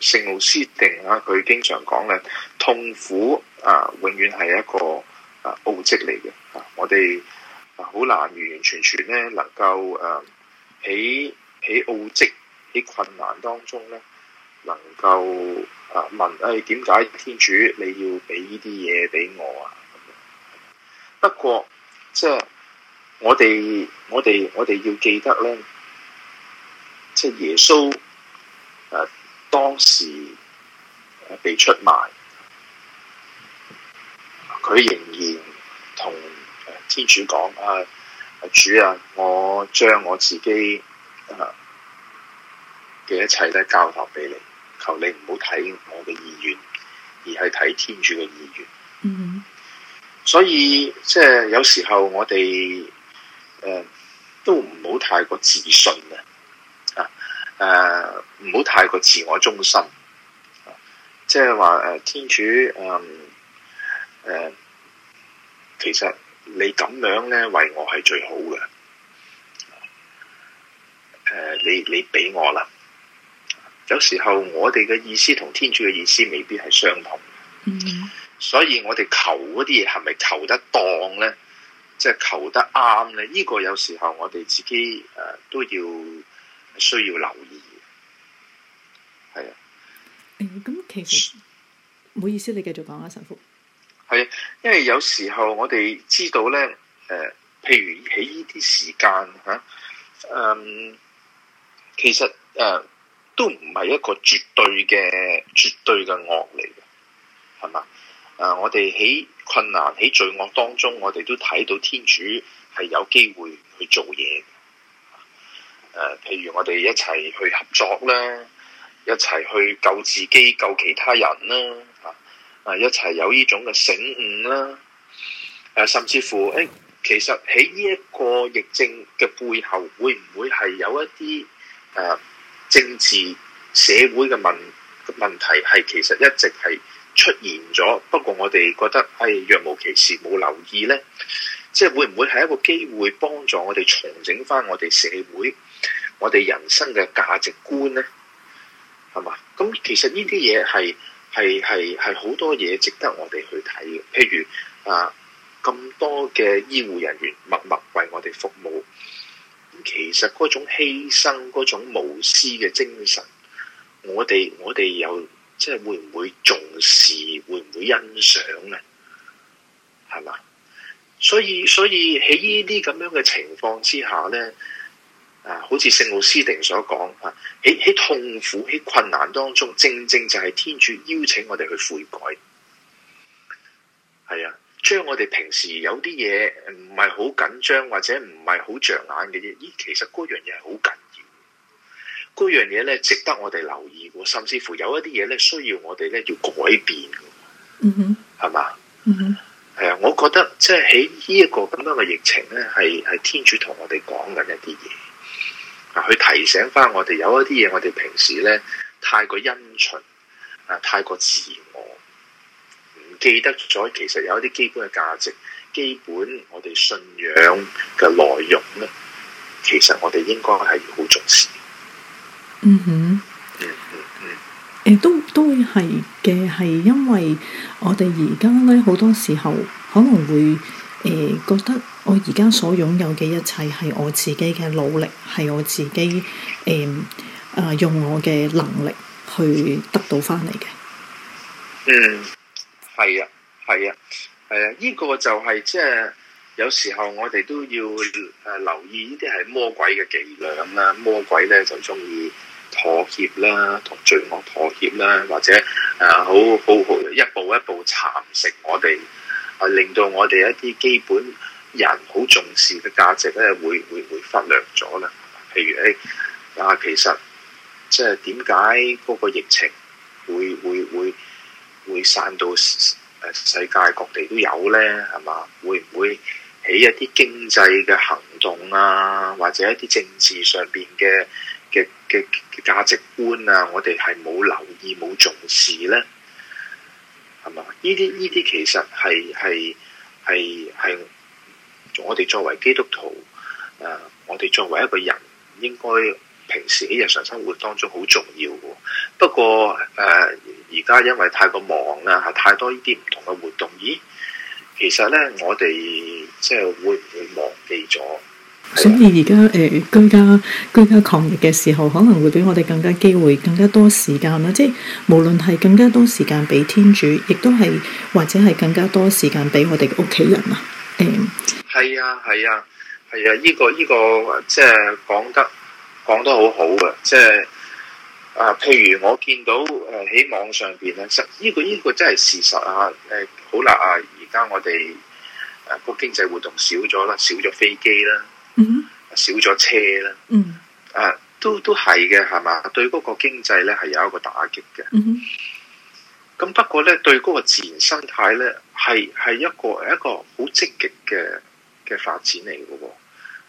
[SPEAKER 3] 聖奧斯定啊，佢經常講嘅痛苦啊，永遠係一個啊奧跡嚟嘅。我哋好難完完全全咧能夠誒喺喺奧跡喺困難當中咧，能夠啊、呃、問誒點解天主你要俾呢啲嘢俾我啊？不過即係、呃、我哋我哋我哋要記得咧。即係耶穌，誒、啊，當時誒被出賣，佢仍然同誒天主講啊，主啊，我將我自己誒嘅、啊、一切咧交托俾你，求你唔好睇我嘅意願，而係睇天主嘅意願。Mm-hmm. 所以即係、就是、有時候我哋誒、啊、都唔好太過自信啊。誒，唔好、uh, 太過自我中心，即係話誒，天主誒，誒、嗯嗯，其實你咁樣咧為我係最好嘅，誒、uh,，你你俾我啦。有時候我哋嘅意思同天主嘅意思未必係相同嘅，嗯，所以我哋求嗰啲嘢係咪求得當咧，即、就、係、是、求得啱咧？呢、這個有時候我哋自己誒、呃、都要，需要留意
[SPEAKER 1] 嘅，係啊。咁、嗯、其實唔好意思，你繼續講啊，神父。
[SPEAKER 3] 係，因為有時候我哋知道咧，誒、呃，譬如喺呢啲時間吓、啊，嗯，其實誒、呃、都唔係一個絕對嘅、絕對嘅惡嚟嘅，係嘛？啊、呃，我哋喺困難、喺罪惡當中，我哋都睇到天主係有機會去做嘢。誒，譬、啊、如我哋一齊去合作啦，一齊去救自己、救其他人啦，啊，一齊有呢種嘅醒悟啦，誒、啊，甚至乎誒、欸，其實喺呢一個疫症嘅背後，會唔會係有一啲誒、啊、政治社會嘅問問題係其實一直係出現咗，不過我哋覺得係、哎、若無其事冇留意呢，即係會唔會係一個機會幫助我哋重整返我哋社會？我哋人生嘅價值觀呢，係嘛？咁其實呢啲嘢係係係係好多嘢值得我哋去睇嘅。譬如啊，咁多嘅醫護人員默默為我哋服務，其實嗰種犧牲、嗰種無私嘅精神，我哋我哋有即係會唔會重視？會唔會欣賞呢？係嘛？所以所以喺呢啲咁樣嘅情況之下呢。啊，好似聖奧斯定所講啊，喺喺痛苦喺困難當中，正正就係天主邀請我哋去悔改。係啊，將我哋平時有啲嘢唔係好緊張或者唔係好著眼嘅啫，咦，其實嗰樣嘢係好緊要，嗰樣嘢咧值得我哋留意，甚至乎有一啲嘢咧需要我哋咧要改變。嗯哼，係嘛？嗯哼，係啊，我覺得即係喺呢一個咁樣嘅疫情咧，係係天主同我哋講緊一啲嘢。嗱，佢、啊、提醒翻我哋有一啲嘢，我哋平時咧太過殷勤，啊，太過自我，唔記得咗其實有一啲基本嘅價值、基本我哋信仰嘅內容咧，其實我哋應該係好重視。
[SPEAKER 1] 嗯哼。嗯嗯嗯。誒，都都會係嘅，係因為我哋而家咧好多時候可能會。誒、呃、覺得我而家所擁有嘅一切係我自己嘅努力，係我自己誒啊、呃、用我嘅能力去得到翻嚟嘅。
[SPEAKER 3] 嗯，係啊，係啊，係啊！呢、啊這個就係即係有時候我哋都要誒留意，呢啲係魔鬼嘅伎倆啦。魔鬼咧就中意妥協啦，同罪惡妥協啦，或者誒、呃、好好，好一步一步蠶食我哋。係、啊、令到我哋一啲基本人好重視嘅價值咧，會會會忽略咗啦。譬如誒、哎，啊，其實即係點解嗰個疫情會會會會會散到誒世界各地都有咧？係嘛？會唔會喺一啲經濟嘅行動啊，或者一啲政治上邊嘅嘅嘅價值觀啊，我哋係冇留意冇重視咧？係嘛？呢啲呢啲其實係係係係，我哋作為基督徒，誒、呃，我哋作為一個人，應該平時喺日常生活當中好重要嘅。不過誒，而、呃、家因為太過忙啦，嚇太多呢啲唔同嘅活動，咦？其實咧，我哋即係會唔會忘記咗？
[SPEAKER 1] 嗯、所以而家誒居家居家抗疫嘅時候，可能會俾我哋更加機會、更加多時間啦。即係無論係更加多時間俾天主，亦都係或者係更加多時間俾我哋嘅屋企人、嗯、啊。誒，
[SPEAKER 3] 係啊，係啊，係啊！呢、呢個呢、呢個即係、呢個呢個、講得講得好好嘅，即係啊，譬如我見到誒喺、啊、網上邊咧，實、這、依個依、呢個真係事實啊！誒、呃，好啦啊，而家我哋啊、這個經濟活動少咗啦，少咗飛機啦。Mm hmm. 少咗車啦，mm hmm. 啊，都都係嘅，係嘛？對嗰個經濟咧係有一個打擊嘅。
[SPEAKER 5] 咁、
[SPEAKER 3] mm hmm. 不過咧對嗰個自然生態咧係係一個一個好積極嘅嘅發展嚟嘅喎，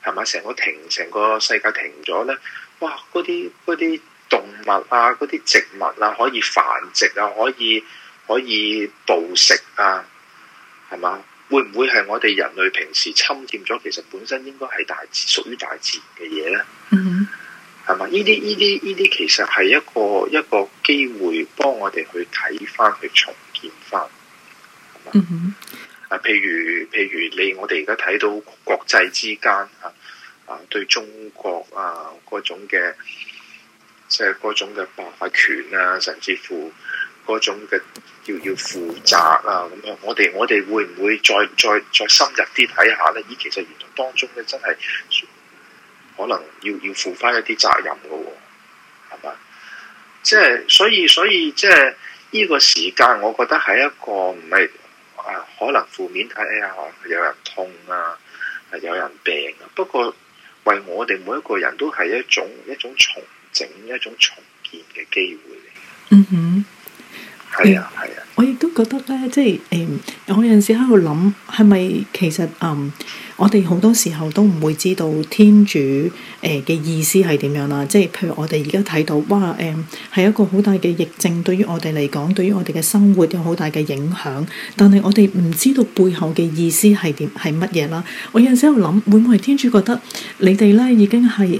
[SPEAKER 3] 係嘛？成個停成個世界停咗咧，哇！嗰啲嗰啲動物啊，嗰啲植物啊，可以繁殖啊，可以可以暴食啊，係嘛？會唔會係我哋人類平時侵佔咗，其實本身應該係大，屬於大自然嘅嘢呢？係嘛、mm？呢啲呢啲呢啲，其實係一個一個機會，幫我哋去睇翻，去重建翻。Mm hmm. 啊，譬如譬如你，你我哋而家睇到國際之間啊啊，對中國啊嗰種嘅，即係嗰種嘅霸權啊，甚至乎嗰種嘅。要要負責啦，咁樣，我哋我哋會唔會再再再深入啲睇下咧？咦，其實原來當中咧真係可能要要負翻一啲責任嘅喎，係嘛？即係所以所以即係呢個時間，我覺得係一個唔係啊，可能負面睇啊，係有人痛啊，有人病啊。不過為我哋每一個人都係一種一種重整、一種重建嘅機會嚟。嗯哼。
[SPEAKER 1] 係啊，係啊、嗯，我亦都覺得呢，即係誒、嗯，我有陣時喺度諗，係咪其實誒、嗯，我哋好多時候都唔會知道天主誒嘅意思係點樣啦？即係譬如我哋而家睇到，哇！誒、嗯、係一個好大嘅疫症，對於我哋嚟講，對於我哋嘅生活有好大嘅影響。但係我哋唔知道背後嘅意思係點係乜嘢啦？我有陣時喺度諗，會唔會天主覺得你哋咧已經係誒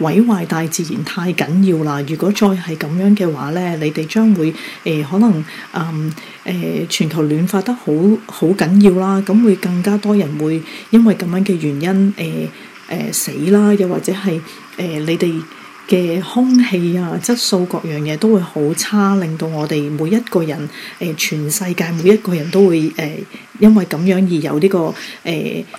[SPEAKER 1] 毀壞大自然太緊要啦？如果再係咁樣嘅話咧，你哋將會誒、呃、可能誒、嗯呃、全球暖化得好好緊要啦。咁會更加多人會因為咁樣嘅原因誒。呃誒、呃、死啦！又或者係誒、呃、你哋嘅空氣啊質素各樣嘢都會好差，令到我哋每一個人誒、呃、全世界每一個人都會誒。呃因為咁樣而有呢、這個誒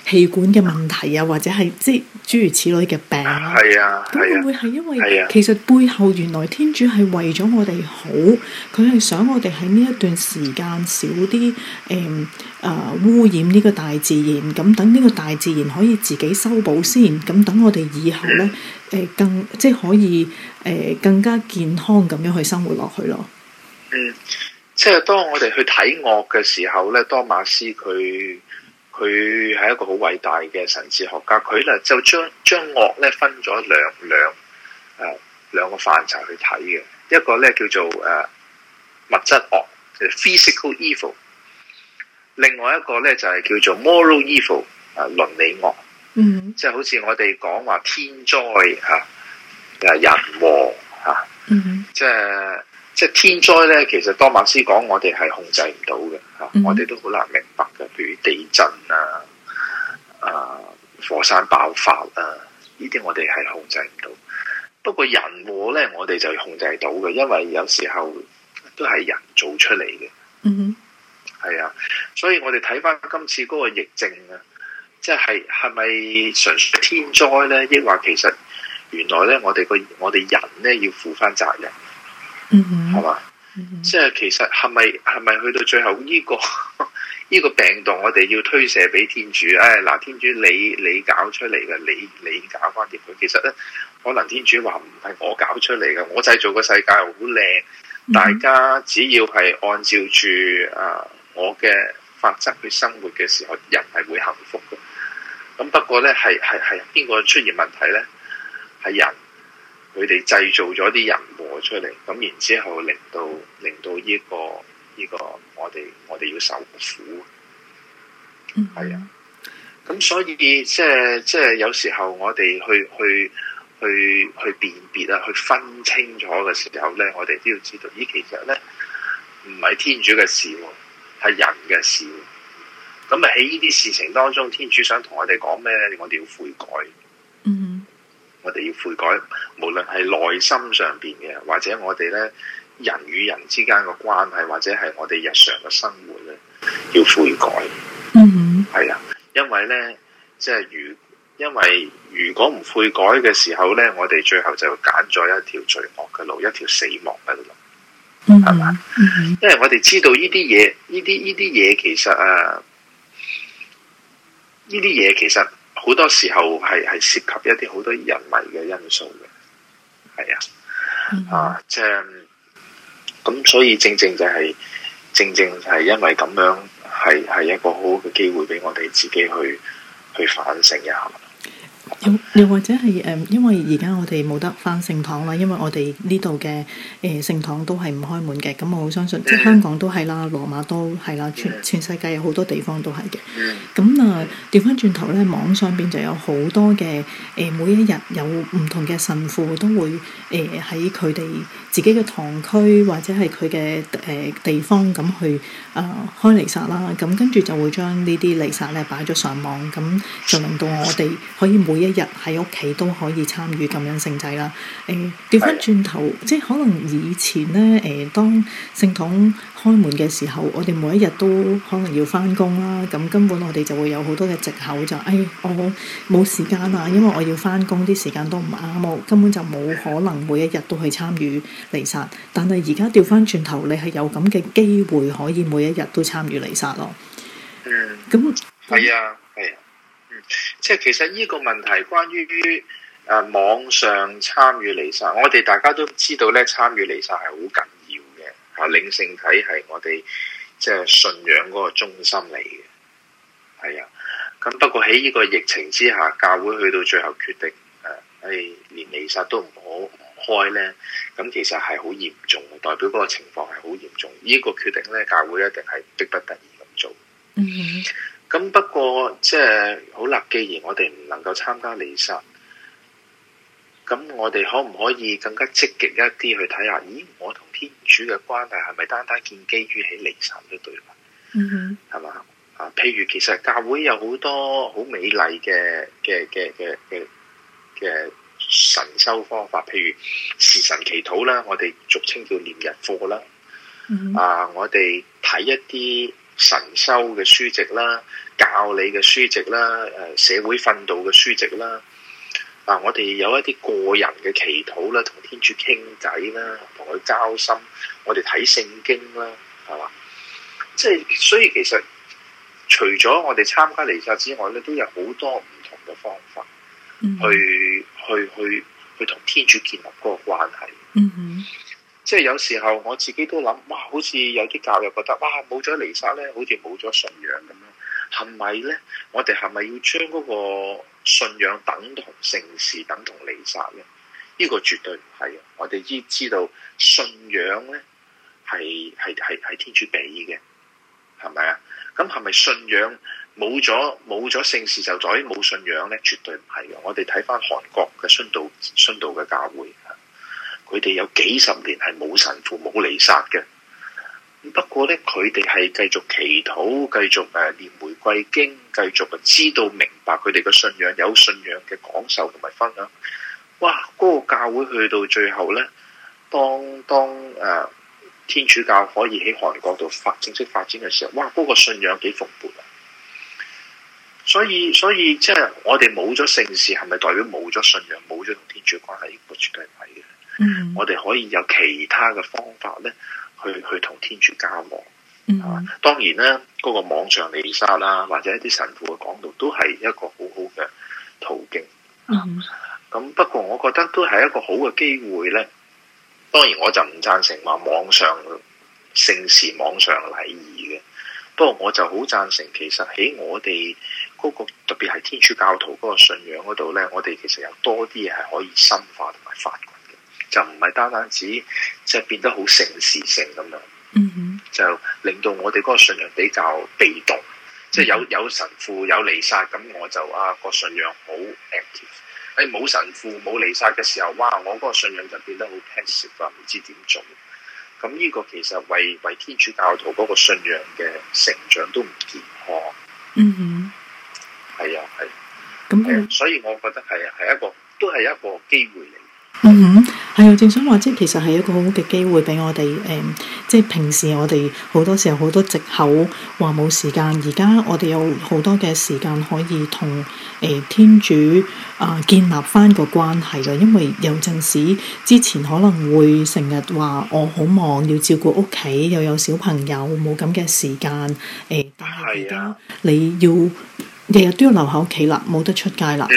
[SPEAKER 1] 氣、呃、管嘅問題啊，或者係即係諸如此類嘅病啊。
[SPEAKER 3] 係啊，啊啊會唔會
[SPEAKER 1] 係因為、啊、其實背後原來天主係為咗我哋好，佢係想我哋喺呢一段時間少啲誒啊污染呢個大自然，咁等呢個大自然可以自己修補先，咁等我哋以後呢，誒、嗯呃、更即係可以誒、呃、更加健康咁樣去生活落去咯。嗯。即係
[SPEAKER 3] 當我哋去睇惡嘅時候咧，多馬斯佢佢係一個好偉大嘅神智學家，佢咧就將將惡咧分咗兩兩誒兩個範疇去睇嘅，一個咧叫做誒、呃、物質惡，誒 physical evil，另外一個咧就係、是、叫做 moral evil，誒、呃、倫理惡，嗯、mm，hmm. 即係好似我哋講話天災吓，誒、啊、人禍吓，啊 mm hmm. 即係。即係天災咧，其實當馬斯講，我哋係控制唔到嘅吓，mm hmm. 我哋都好難明白嘅。譬如地震啊，啊火山爆發啊，呢啲我哋係控制唔到。不過人禍咧，我哋就控制到嘅，因為有時候都係人做出嚟嘅。嗯哼、mm，係、hmm. 啊，所以我哋睇翻今次嗰個疫症啊，即係係咪純粹天災咧，抑或其實原來咧，我哋個我哋人咧要負翻責任。嗯，係嘛？即係其實係咪係咪去到最後呢、呢個呢 個病毒，我哋要推卸俾天主？誒，嗱，天主你你搞出嚟嘅，你你搞翻掂佢。其實咧，可能天主話唔係我搞出嚟嘅，我製造個世界好靚， 大家只要係按照住誒、呃、我嘅法則去生活嘅時候，人係會幸福嘅。咁不過咧，係係係邊個出現問題咧？係人。佢哋製造咗啲人禍出嚟，咁然之後令到令到呢個呢個我哋我哋要受苦，嗯，係啊，咁所以即係即係有時候我哋去去去去辨別啊，去分清楚嘅時候咧，我哋都要知道，咦，其實咧唔係天主嘅事喎，係人嘅事，咁啊喺呢啲事情當中，天主想同我哋講咩咧？我哋要悔改。嗯。我哋要悔改，無論係內心上面嘅，或者我哋咧人與人之間嘅關係，或者係我哋日常嘅生活咧，要悔改。嗯、
[SPEAKER 5] mm，
[SPEAKER 3] 係、hmm. 啊，因為咧，即、就、係、是、如，因為如果唔悔改嘅時候咧，我哋最後就揀咗一條罪惡嘅路，一條死亡嘅路，
[SPEAKER 5] 係嘛？
[SPEAKER 3] 因為我哋知道呢啲嘢，呢啲呢啲嘢其實啊，呢啲嘢其實。好多時候係係涉及一啲好多人為嘅因素嘅，係、mm hmm. 啊，啊、就係，即係咁，所以正正就係、係、正正就係因為咁樣，係係一個好好嘅機會俾我哋自己去去反省一下。
[SPEAKER 1] 又又或者係誒、呃，因為而家我哋冇得翻聖堂啦，因為我哋呢度嘅。誒聖堂都係唔開門嘅，咁我好相信，即係香港都係啦，羅馬都係啦，全全世界有好多地方都係嘅。咁啊，調翻轉頭呢，網上邊就有好多嘅誒、欸，每一日有唔同嘅神父都會誒喺佢哋自己嘅堂區或者係佢嘅誒地方咁去啊、呃、開彌撒啦，咁跟住就會將呢啲彌撒呢擺咗上網，咁就令到我哋可以每一日喺屋企都可以參與感恩聖祭啦。誒、欸，調翻轉頭，的即係可能。以前呢，誒，當聖堂開門嘅時候，我哋每一日都可能要返工啦。咁根本我哋就會有好多嘅藉口就，就、哎、誒，我、哦、冇時間啊，因為我要返工，啲時間都唔啱我，根本就冇可能每一日都去參與彌撒。但係而家調翻轉頭，你係有咁嘅機會可以每一日都參與彌撒咯。嗯，咁
[SPEAKER 3] 係啊，係啊，即係其實呢個問題關於、於。誒、啊、網上參與彌撒，我哋大家都知道咧，參與彌撒係好緊要嘅嚇、啊。領聖體係我哋即係信仰嗰個中心嚟嘅，係啊。咁不過喺呢個疫情之下，教會去到最後決定誒、啊哎，連彌撒都唔好唔開呢，咁其實係好嚴重嘅，代表嗰個情況係好嚴重。呢、呢個決定呢，教會一定係逼不得已咁做。嗯咁、mm hmm. 不過即係、就是、好啦，既然我哋唔能夠參加彌撒。咁我哋可唔可以更加積極一啲去睇下？咦，我同天主嘅關係係咪單單建基於起離神嘅對話？嗯哼、mm，係、hmm. 嘛？啊，譬如其實教會有好多好美麗嘅嘅嘅嘅嘅嘅神修方法，譬如時辰祈禱啦，我哋俗稱叫念日課啦。Mm hmm. 啊，我哋睇一啲神修嘅書籍啦，教理嘅書籍啦，誒社會訓導嘅書籍啦。嗱，我哋有一啲個人嘅祈禱啦，同天主傾偈啦，同佢交心。我哋睇聖經啦，係嘛？即係所以其實，除咗我哋參加彌撒之外咧，都有好多唔同嘅方法，
[SPEAKER 5] 去、mm
[SPEAKER 3] hmm. 去去去同天主建立嗰個關係。嗯哼、
[SPEAKER 5] mm，
[SPEAKER 3] 即係有時候我自己都諗，哇！好似有啲教友覺得，哇！冇咗彌撒咧，好似冇咗信仰咁咯。係咪咧？我哋係咪要將嗰個？信仰等同聖事等同彌撒咧？呢、這個絕對唔係啊！我哋知知道信仰咧係係係係天主俾嘅，係咪啊？咁係咪信仰冇咗冇咗聖事就在於冇信仰咧？絕對唔係嘅。我哋睇翻韓國嘅殉道殉道嘅教會，佢哋有幾十年係冇神父冇彌撒嘅。不過咧，佢哋係繼續祈禱，繼續誒念玫瑰經，繼續知道明白佢哋嘅信仰，有信仰嘅講授同埋分享。哇！嗰、那個教會去到最後咧，當當誒、呃、天主教可以喺韓國度發正式發展嘅時候，哇！嗰、那個信仰幾蓬勃啊！所以所以即係、就是、我哋冇咗聖事，係咪代表冇咗信仰，冇咗同天主關係？絕對唔係嘅。嗯、hmm.，我哋可以有其他嘅方法咧。去去同天主交往，嗯、啊，當然咧，嗰、那個網上禮拜啦，或者一啲神父嘅講道，都係一個好好嘅途徑。咁、嗯啊、不過，我覺得都係一個好嘅機會呢，當然，我就唔贊成話網上聖事、網上禮儀嘅。不過，我就好贊成其實喺我哋嗰、那個特別係天主教徒嗰個信仰嗰度呢，我哋其實有多啲嘢係可以深化同埋發掘。就唔係單單止即係變得好聖事性咁樣，mm hmm. 就令到我哋個信仰比較被動，即、就、係、係、有有神父有彌撒，咁我就啊、嗰個信仰好 active，誒冇神父冇彌撒嘅時候，哇我個信仰就變得好 passive 啊，唔知點做，咁呢個其實為為天主教徒個信仰嘅成長都唔健康。嗯哼，係啊係，咁所以我覺得係係一個，一個都係一個機會嚟。
[SPEAKER 1] 嗯哼，係、嗯、啊，正想話，即其實係一個好嘅機會，俾我哋誒，即係平時我哋好多時候好多借口話冇時間，而家我哋有好多嘅時間可以同誒、呃、天主啊、呃、建立翻個關係啦。因為有陣時之前可能會成日話我好忙，要照顧屋企，又有小朋友，冇咁嘅時間誒，但係而家你要。日日都要留喺屋企啦，冇得出街啦。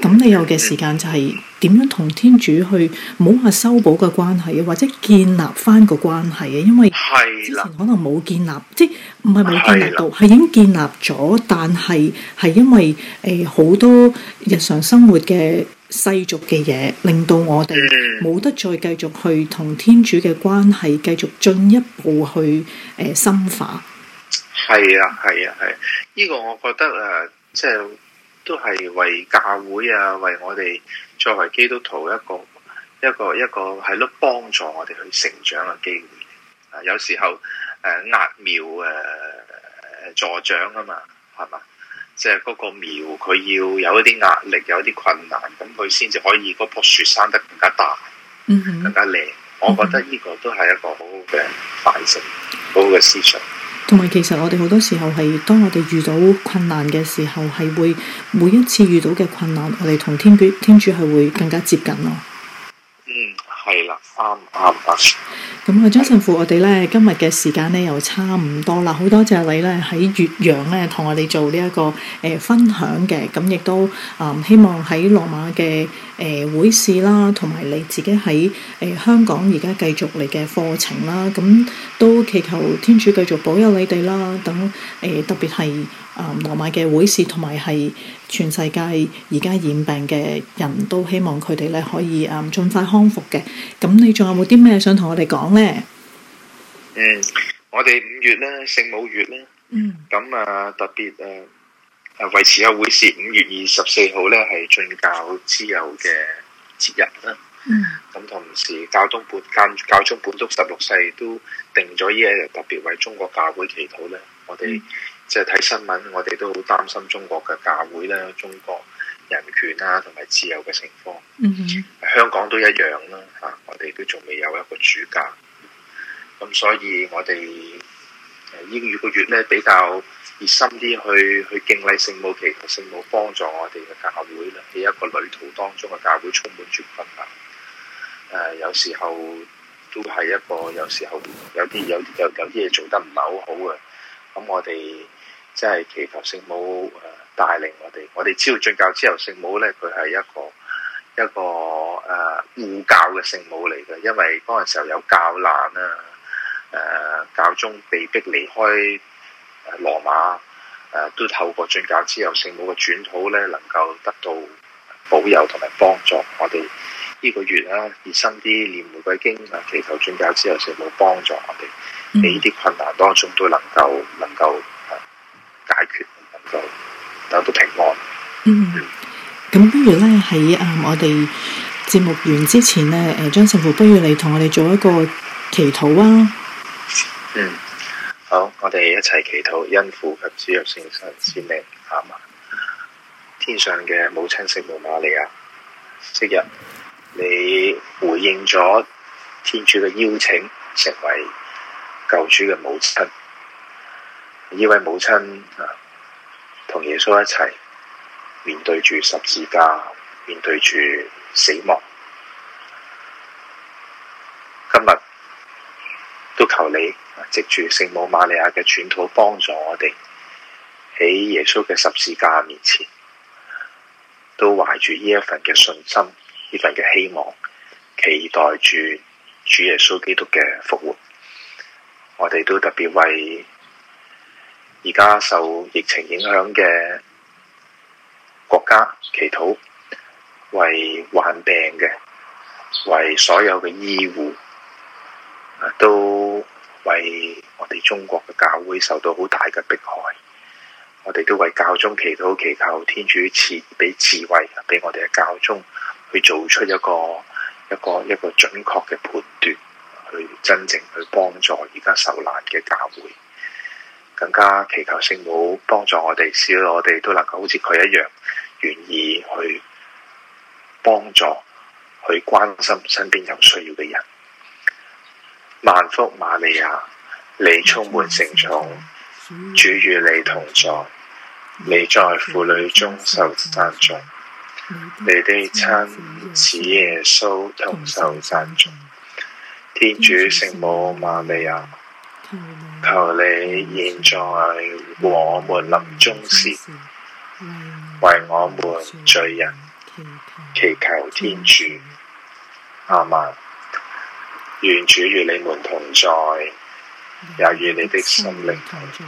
[SPEAKER 1] 咁、嗯、你有嘅時間就係點樣同天主去，冇話修補嘅關係啊，或者建立返個關係啊，因為之前可能冇建立，的即係唔係冇建立到，係的已經建立咗，但係係因為誒好、呃、多日常生活嘅世俗嘅嘢，令到我哋冇得再繼續去同天主嘅關係，繼續進一步去誒、呃、深化。
[SPEAKER 3] 係啊，係啊，係。呢、這個我覺得誒。呃即係、就是、都係為教會啊，為我哋作為基督徒一個一個一個係咯，幫助我哋去成長嘅機會。啊，有時候誒揠、呃、苗誒、呃、助長啊嘛，係嘛？即係嗰個苗，佢要有一啲壓力，有一啲困難，咁佢先至可以嗰樖樹生得更加大，嗯
[SPEAKER 5] 哼，
[SPEAKER 1] 更
[SPEAKER 3] 加靚。我覺得呢個都係一個好、嗯、哼好嘅反省，好好嘅思想。
[SPEAKER 1] 同埋，其實我哋好多時候係，當我哋遇到困難嘅時候，係會每一次遇到嘅困難，我哋同天主天主係會更加接近咯。嗯，
[SPEAKER 3] 係啦，啱啱啱。
[SPEAKER 1] 咁啊，張神父，我哋咧今日嘅時間咧又差唔多啦，好多謝你咧喺越洋咧同我哋做呢、這、一個誒、呃、分享嘅，咁亦都啊、嗯、希望喺羅馬嘅誒、呃、會士啦，同埋你自己喺誒、呃、香港而家繼續你嘅課程啦，咁、嗯、都祈求天主繼續保佑你哋啦，等誒、呃、特別係。啊、嗯！羅馬嘅會士同埋係全世界而家染病嘅人都希望佢哋咧可以啊盡、嗯、快康復嘅。咁你仲有冇啲咩想同我哋講呢？嗯，
[SPEAKER 3] 我哋五月咧聖母月咧，嗯，咁啊特別誒啊維持啊會士五月二十四號咧係進教之佑嘅節日啦，嗯，咁同時教宗本間教宗本篤十六世都定咗依樣特別為中國教會祈禱咧，我哋、嗯。即係睇新聞，我哋都好擔心中國嘅教會啦，中國人權啦，同埋自由嘅情況。
[SPEAKER 5] 嗯哼、
[SPEAKER 3] mm。Hmm. 香港都一樣啦，嚇！我哋都仲未有一個主教。咁所以我哋呢個月咧比較熱心啲去去敬禮聖母，祈求聖母幫助我哋嘅教會啦，俾一個旅途當中嘅教會充滿住困難。誒，有時候都係一個有時候有啲有有有啲嘢做得唔係好好嘅，咁我哋。即係祈求聖母誒、呃、帶領我哋，我哋知道進教之佑聖母呢，佢係一個一個誒、呃、護教嘅聖母嚟嘅，因為嗰陣時候有教難啦、啊，誒、呃、教宗被逼離開羅馬，誒、呃、都透過進教之佑聖母嘅轉禱呢，能夠得到保佑同埋幫助我哋。呢個月啦、啊，熱心啲念玫瑰經啊，祈求進教之佑聖母幫助我哋喺呢啲困難當中都能夠能夠。能夠就大家都平安。嗯，
[SPEAKER 1] 咁不如咧喺誒我哋節目完之前呢，誒張神父，不如你同我哋做一個祈禱啊。嗯，
[SPEAKER 3] 好，我哋一齊祈禱，因父及子及聖神之名，好、啊、嗎？天上嘅母親聖母瑪利亞，昔日你回應咗天主嘅邀請，成為救主嘅母親。呢位母親同耶穌一齊面對住十字架，面對住死亡。今日都求你藉住聖母瑪利亞嘅轉禱幫助我哋，喺耶穌嘅十字架面前，都懷住呢一份嘅信心，呢份嘅希望，期待住主耶穌基督嘅復活。我哋都特別為，而家受疫情影響嘅國家，祈禱，為患病嘅，為所有嘅醫護，都為我哋中國嘅教會受到好大嘅迫害，我哋都為教宗祈禱，祈求天主賜俾智慧，俾我哋嘅教宗去做出一個一個一個準確嘅判斷，去真正去幫助而家受難嘅教會。更加祈求聖母幫助我哋，使我哋都能夠好似佢一樣願意去幫助、去關心身邊有需要嘅人。萬福瑪利亞，你充滿聖寵，主與你同在，你在婦女中受讚頌，你的親子耶穌同受讚頌。天主聖母瑪利亞。求你現在和我們臨終時，為我們罪人祈求天主阿們。願主與、啊、你們同在，也與你的心靈同在。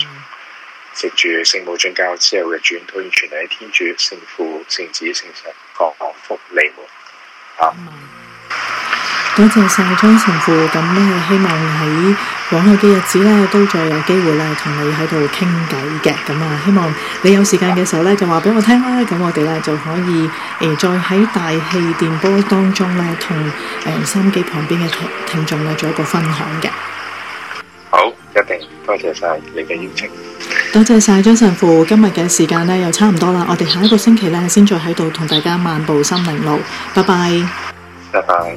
[SPEAKER 3] 藉住聖母進教之後嘅轉託，全喺天主聖父、聖子、聖神各各福利們、啊嗯
[SPEAKER 1] 多謝晒張神父，咁我希望喺往後嘅日子呢，都再有機會咧同你喺度傾偈嘅，咁啊希望你有時間嘅時候呢，就話俾我聽啦，咁我哋呢，就可以誒再喺大氣電波當中呢，同誒、呃、三幾旁邊嘅聽眾呢，做一個分享嘅。
[SPEAKER 3] 好，一定，多謝晒你嘅
[SPEAKER 1] 邀請。多謝晒張神父，今日嘅時間呢，又差唔多啦，我哋下一個星期呢，先再喺度同大家漫步心靈路，拜拜，拜
[SPEAKER 2] 拜。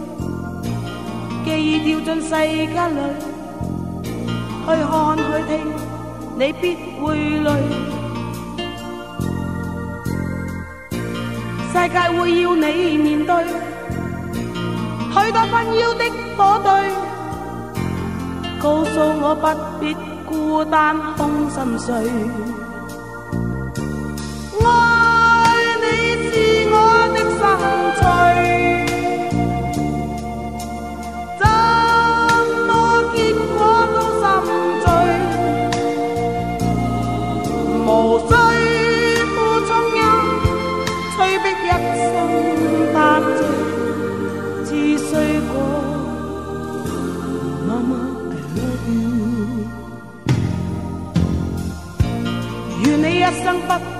[SPEAKER 6] 記憶掉進世間裏，去看去聽，你必會累。世界會要你面對許多紛擾的火堆，告訴我不必孤單空心碎。